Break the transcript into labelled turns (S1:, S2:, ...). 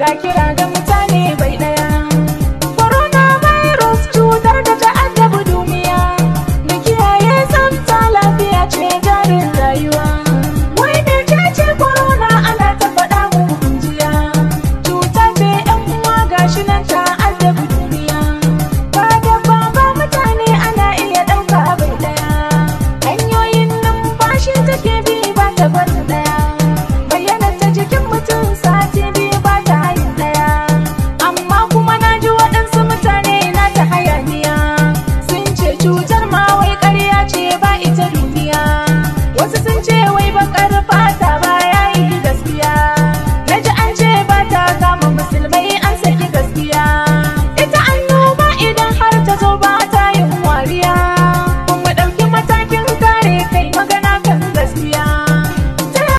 S1: ga kira ga mutane bai Nasılsın Cem?